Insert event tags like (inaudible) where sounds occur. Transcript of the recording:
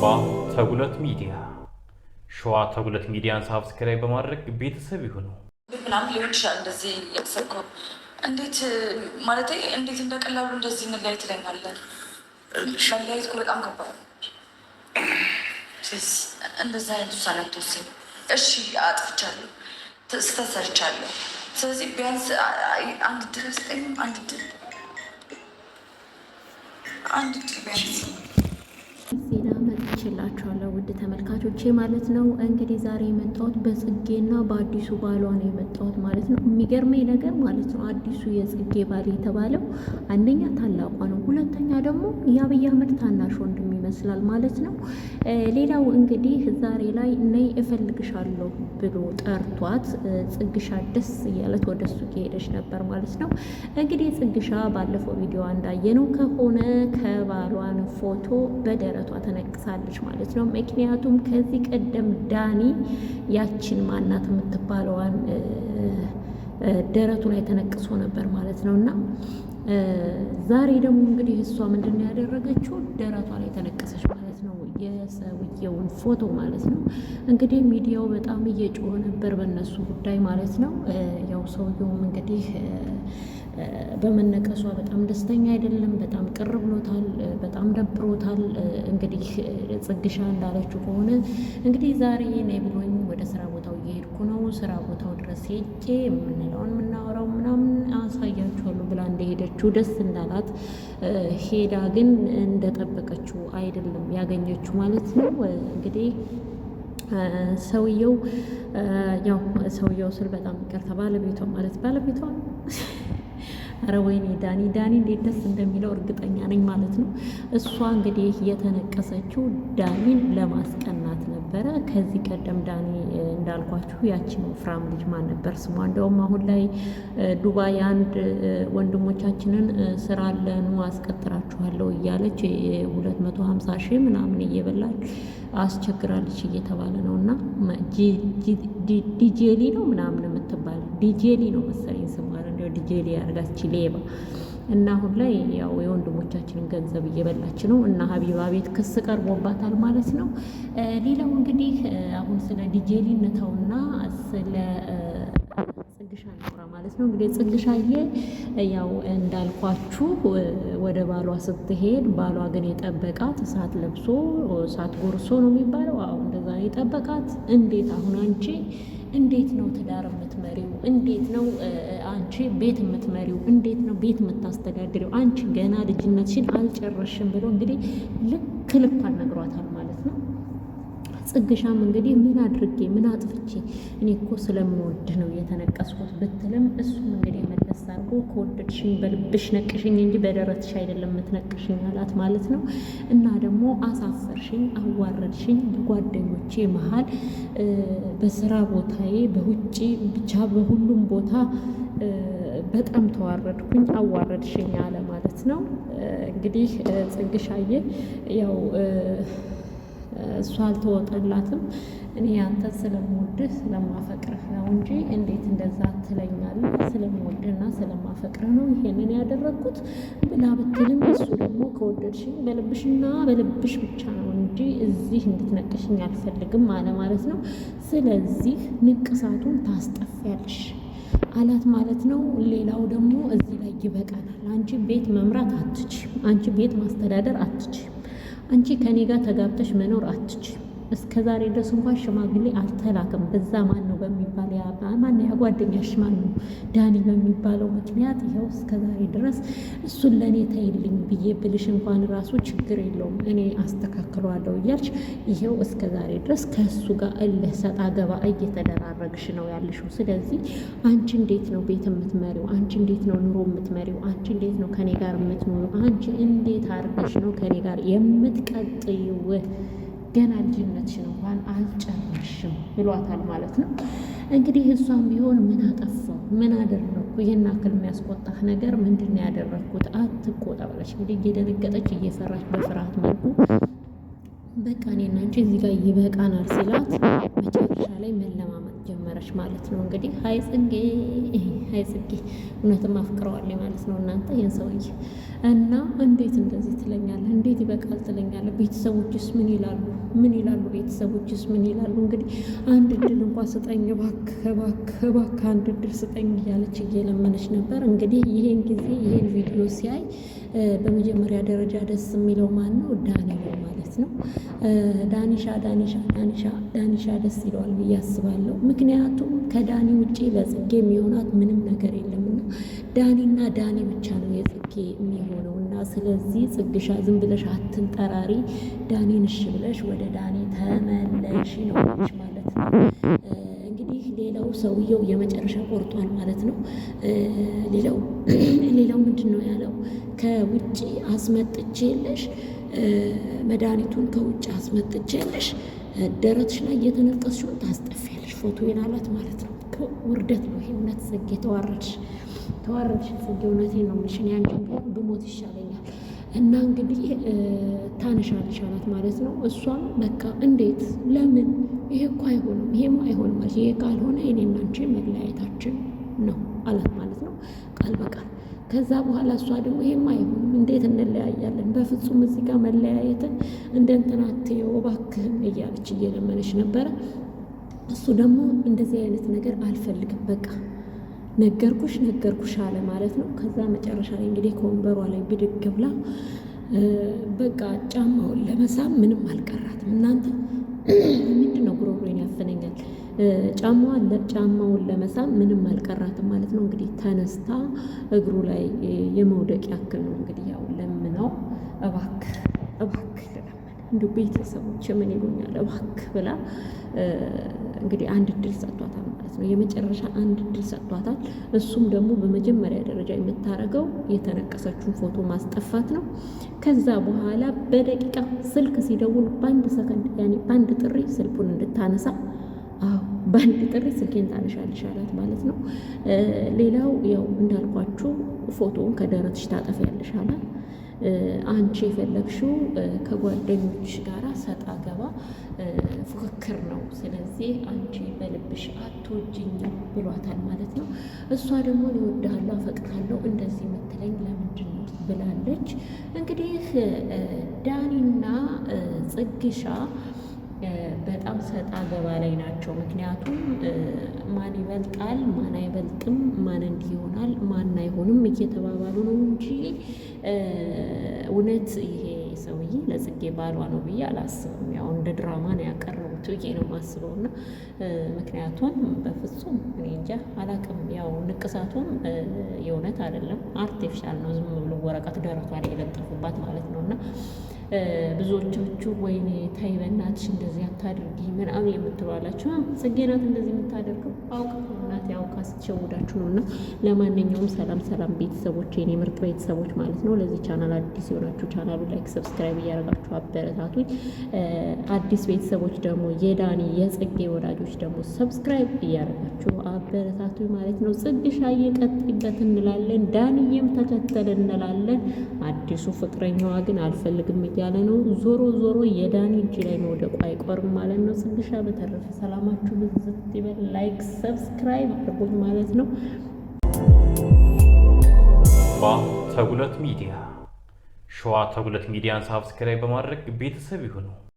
አባ ተጉለት ሚዲያ ሸዋ ተጉለት ሚዲያን ሳብስክራይብ በማድረግ ቤተሰብ ይሁኑ። ምናምን ሊሆን ይችላል። እንደዚህ ያሰብከው እንዴት ማለት እንዴት እንደቀላሉ እንደዚህ እንለያየት ትለኛለን። መለያየት እኮ በጣም ከባድ እንደዚህ አይነት ውሳኔ አትወስኝ። እሺ አጥፍቻለሁ፣ ስተሰርቻለሁ። ስለዚህ ቢያንስ አንድ ድረስ ጠይም አንድ ድር አንድ ድር ቢያንስ መጥቼላችኋለሁ ውድ ተመልካቾቼ ማለት ነው። እንግዲህ ዛሬ የመጣሁት በጽጌና በአዲሱ ባሏ ነው የመጣሁት ማለት ነው። የሚገርመኝ ነገር ማለት ነው አዲሱ የጽጌ ባል የተባለው አንደኛ ታላቋ ነው፣ ሁለተኛ ደግሞ የአብይ አህመድ ታናሽ ወንድም ይመስላል ማለት ነው። ሌላው እንግዲህ ዛሬ ላይ ነይ እፈልግሻለሁ ብሎ ጠርቷት ጽግሻ ደስ እያለት ወደ እሱ ከሄደች ነበር ማለት ነው። እንግዲህ ጽግሻ ባለፈው ቪዲዮ እንዳየነው ከሆነ ከባሏን ፎቶ በደረቷ ተነቅሳለች ማለት ነው። ምክንያቱም ከዚህ ቀደም ዳኒ ያችን ማናት የምትባለዋን ደረቱ ላይ ተነቅሶ ነበር ማለት ነው እና ዛሬ ደግሞ እንግዲህ እሷ ምንድን ነው ያደረገችው? ደረቷ ላይ ተነቀሰች ማለት ነው፣ የሰውየውን ፎቶ ማለት ነው። እንግዲህ ሚዲያው በጣም እየጮኸ ነበር በእነሱ ጉዳይ ማለት ነው። ያው ሰውየውም እንግዲህ በመነቀሷ በጣም ደስተኛ አይደለም። በጣም ቅር ብሎታል። በጣም ደብሮታል። እንግዲህ ጽግሻ እንዳለችው ከሆነ እንግዲህ ዛሬ ነይ ብሎኝ ወደ ስራ ቦታው እየሄድኩ ነው። ስራ ቦታው ድረስ ሄጄ የምንለውን የምናወራው ምናምን አሳ ይመለሳሉ ብላ እንደሄደችው ደስ እንዳላት ሄዳ ግን እንደጠበቀችው አይደለም ያገኘችው ማለት ነው። እንግዲህ ሰውየው ያው ሰውየው ስል በጣም ይቅርታ ባለቤቷ ማለት ባለቤቷ ኧረ ወይኔ ዳኒ ዳኒ እንዴት ደስ እንደሚለው እርግጠኛ ነኝ ማለት ነው። እሷ እንግዲህ የተነቀሰችው ዳኒን ለማስቀናት ነበረ። ከዚህ ቀደም ዳኒ እንዳልኳችሁ ያችን ወፍራም ልጅ ማን ነበር ስሟ? እንደውም አሁን ላይ ዱባይ አንድ ወንድሞቻችንን ስራ ለኑ አስቀጥራችኋለሁ እያለች ሁለት መቶ ሀምሳ ሺህ ምናምን እየበላች አስቸግራለች እየተባለ ነው እና ዲጄሊ ነው ምናምን የምትባል ዲጄሊ ነው መሰለኝ ስሙ ዲጄ ሊያርጋች ሌባ እና አሁን ላይ ያው የወንድሞቻችንን ገንዘብ እየበላች ነው። እና ሀቢባ ቤት ክስ ቀርቦባታል ማለት ነው። ሌላው እንግዲህ አሁን ስለ ዲጄ ሊነታውና ስለ ጽግሻ ነውራ ማለት ነው እንግዲህ ጽግሻዬ ያው እንዳልኳችሁ ወደ ባሏ ስትሄድ ባሏ ግን የጠበቃት እሳት ለብሶ እሳት ጎርሶ ነው የሚባለው። አሁ እንደዛ የጠበቃት እንዴት አሁን አንቺ እንዴት ነው ትዳር የምትመሪው? እንዴት ነው አንቺ ቤት የምትመሪው? እንዴት ነው ቤት የምታስተዳድሪው? አንቺ ገና ልጅነትሽን አልጨረሽም ብሎ እንግዲህ ልክ ልኳን ነግሯታል ማለት ነው። ጽግሻም እንግዲህ ምን አድርጌ ምን አጥፍቼ እኔ እኮ ስለምወድ ነው የተነቀስኩት ብትልም እሱም እንግዲህ መለስ አድርጎ ከወደድሽኝ በልብሽ ነቅሽኝ እንጂ በደረትሽ አይደለም የምትነቅሽኝ አላት ማለት ነው። እና ደግሞ አሳፈርሽኝ፣ አዋረድሽኝ በጓደኞቼ መሀል፣ በስራ ቦታዬ፣ በውጭ ብቻ በሁሉም ቦታ በጣም ተዋረድኩኝ፣ አዋረድሽኝ አለ ማለት ነው። እንግዲህ ጽግሻዬ ያው እሷ አልተወጠላትም። እኔ አንተን ስለምወድህ ስለማፈቅርህ ነው እንጂ እንዴት እንደዛ ትለኛለህ? ስለምወድህና ስለማፈቅርህ ነው ይሄንን ያደረግኩት ብላ ብትልም እሱ ደግሞ ከወደድሽኝ በልብሽና በልብሽ ብቻ ነው እንጂ እዚህ እንድትነቅሽኝ አልፈልግም አለ ማለት ነው። ስለዚህ ንቅሳቱን ታስጠፊያለሽ አላት ማለት ነው። ሌላው ደግሞ እዚህ ላይ ይበቃናል። አንቺ ቤት መምራት አትችም። አንቺ ቤት ማስተዳደር አትችም። አንቺ ከኔ ጋር ተጋብተሽ መኖር አትች እስከ ዛሬ ድረስ እንኳን ሽማግሌ አልተላክም። በዛ ማን ነው በሚባል ማን ያጓደኛሽ ማን ነው ዳኒ በሚባለው ምክንያት ይኸው እስከ ዛሬ ድረስ እሱን ለእኔ ተይልኝ ብዬ ብልሽ እንኳን ራሱ ችግር የለውም እኔ አስተካክለዋለሁ እያልሽ ይኸው እስከ ዛሬ ድረስ ከእሱ ጋር እልህ ሰጥ ገባ እየተደራረግሽ ነው ያለሽው። ስለዚህ አንቺ እንዴት ነው ቤት የምትመሪው? አንቺ እንዴት ነው ኑሮ የምትመሪው? አንቺ እንዴት ነው ከኔ ጋር የምትኖሪው? አንቺ እንዴት አድርገሽ ነው ከኔ ጋር የምትቀጥይው? ገና ልጅነትሽን እንኳን አልጨረሽም ብሏታል ማለት ነው። እንግዲህ እሷም ቢሆን ምን አጠፋው፣ ምን አደረግኩ፣ ይህን አክል የሚያስቆጣህ ነገር ምንድን ነው ያደረግኩት? አትቆጣ ብለሽ እንግዲህ እየደነገጠች እየፈራች በፍርሃት መልኩ በቃ እኔና አንቺ እዚህ ጋር ይበቃናል ሲላት መጨረሻ ላይ መለማመ ጀመረች ማለት ነው። እንግዲህ ሀይ ጽጌ ሀይ ጽጌ እውነትም አፍቅረዋል ማለት ነው። እናንተ ይህን ሰውዬ እና እንዴት እንደዚህ ትለኛለህ? እንዴት ይበቃል ትለኛለህ? ቤተሰቦችስ ምን ይላሉ? ምን ይላሉ? ቤተሰቦችስ ምን ይላሉ? እንግዲህ አንድ እድል እንኳ ስጠኝ እባክህ፣ እባክህ፣ እባክህ አንድ እድል ስጠኝ እያለች እየለመነች ነበር። እንግዲህ ይሄን ጊዜ ይሄን ቪዲዮ ሲያይ በመጀመሪያ ደረጃ ደስ የሚለው ማን ነው? ዳኒ ነው ማለት ነው። ዳኒሻ ዳኒሻ ዳኒሻ ዳኒሻ ደስ ይለዋል ብዬ አስባለሁ። ምክንያቱም ከዳኒ ውጭ ለጽጌ የሚሆናት ምንም ነገር የለምና ዳኒና ዳኒ ብቻ ነው የጽጌ የሚሆነው እና ስለዚህ ጽግሻ ዝም ብለሽ አትንጠራሪ፣ ዳኒን እሽ ብለሽ ወደ ዳኒ ተመለሽ ነው ማለት ነው። እንግዲህ ሌላው ሰውየው የመጨረሻ ቆርጧል ማለት ነው። ሌላው (clears throat) ሌላው ምንድን ነው ያለው? ከውጭ አስመጥቼልሽ መድኃኒቱን ከውጭ አስመጥቼልሽ ደረትሽ ላይ እየተነቀስሽውን ታስጠፊያለሽ ፎቶ አሏት ማለት ነው። ውርደት ነው ይሄ እውነት ጽጌ ተዋረድሽ፣ ተዋረድሽ ጽጌ እውነቴን ነው የምልሽ። እኔ አንቺን ቢሆን ብሞት ይሻለኛል። እና እንግዲህ ታነሻለሽ አላት ማለት ነው። እሷም በቃ እንዴት ለምን ይሄ እኮ አይሆንም፣ ይሄም አይሆንም፣ ይሄ ካልሆነ እኔና አንቺ መለያየታችን ነው አላት ማለት ነው ቃል በቃል ከዛ በኋላ እሷ ደግሞ ይሄማ አይሆንም፣ እንዴት እንለያያለን? በፍጹም እዚህ ጋር መለያየትን እንደ እንትና እባክህን እያለች እየለመነች ነበረ። እሱ ደግሞ እንደዚህ አይነት ነገር አልፈልግም፣ በቃ ነገርኩሽ ነገርኩሽ አለ ማለት ነው። ከዛ መጨረሻ ላይ እንግዲህ ከወንበሯ ላይ ብድግ ብላ በቃ ጫማውን ለመሳብ ምንም አልቀራትም። እናንተ (clears throat) ምንድን ነው ጉሮሮን ያፈነኝ ጫማውን ለመሳብ ምንም አልቀራትም ማለት ነው። እንግዲህ ተነስታ እግሩ ላይ የመውደቅ ያክል ነው እንግዲህ ያው ለምነው እባክህ እባክህ እንዲ ቤተሰቦች ምን ይሉኛል እባክህ ብላ እንግዲህ አንድ እድል ሰጥቷታል ማለት ነው። የመጨረሻ አንድ እድል ሰጥቷታል። እሱም ደግሞ በመጀመሪያ ደረጃ የምታደርገው የተነቀሰችውን ፎቶ ማስጠፋት ነው። ከዛ በኋላ በደቂቃ ስልክ ሲደውል በአንድ ሰከንድ ያኔ በአንድ ጥሪ ስልኩን እንድታነሳ በአንድ ጥሪ ስልኬን ታነሻለሽ አላት ማለት ነው። ሌላው ያው እንዳልኳችሁ ፎቶውን ከደረትሽ ታጠፊያለሽ አላት። አንቺ የፈለግሽው ከጓደኞች ጋር ሰጣ ገባ ፉክክር ነው። ስለዚህ አንቺ በልብሽ አትወጂኝም ብሏታል ማለት ነው። እሷ ደግሞ እወድሃለሁ፣ አፈቅርሃለሁ እንደዚህ የምትለኝ ለምንድን ነው ብላለች። እንግዲህ ዳኒና ጽግሻ በጣም ሰጣ ገባ ላይ ናቸው። ምክንያቱም ማን ይበልጣል፣ ማን አይበልጥም፣ ማን እንዲህ ይሆናል፣ ማን አይሆንም እየተባባሉ ነው እንጂ እውነት ይሄ ሰውዬ ለጽጌ ባሏ ነው ብዬ አላስብም። ያው እንደ ድራማ ነው ያቀረቡት ብዬ ነው የማስበው። እና ምክንያቱም በፍጹም እኔ እንጃ አላቅም። ያው ንቅሳቱም የእውነት አይደለም፣ አርቲፊሻል ነው ዝም ብሎ ወረቀት ደረቷ ላይ የለጠፉባት ማለት ነው። እና ብዙዎቻችሁ ወይኔ ተይ በእናትሽ እንደዚህ አታድርጊ ምናምን የምትባላችሁ ጽጌ ናት እንደዚህ የምታደርገው አውቅ ናት ያውቃ ስትሸውዳችሁ ነው። እና ለማንኛውም ሰላም ሰላም ቤተሰቦች፣ የኔ ምርጥ ቤተሰቦች ማለት ነው። ለዚህ ቻናል አዲስ የሆናችሁ ቻናሉ ላይክ፣ ሰብስክራይብ እያደረጋችሁ አበረታቱኝ። አዲስ ቤተሰቦች ደግሞ የዳኒ የጽጌ ወዳጆች ደግሞ ሰብስክራይብ እያደረጋችሁ አበረታቱኝ ማለት ነው። ጽግሻ እየቀጥይበት እንላለን። ዳንዬም ተከተል እንላለን። እንዳለ አዲሱ ፍቅረኛዋ ግን አልፈልግም እያለ ነው። ዞሮ ዞሮ የዳኒ እጅ ላይ መውደቁ አይቆርም ማለት ነው። ጽግሻ በተረፈ ሰላማችሁ ብዝት ይበል። ላይክ ሰብስክራይብ አድርጎኝ ማለት ነው። ተጉለት ሚዲያ ሸዋ ተጉለት ሚዲያን ሳብስክራይብ በማድረግ ቤተሰብ ይሁኑ።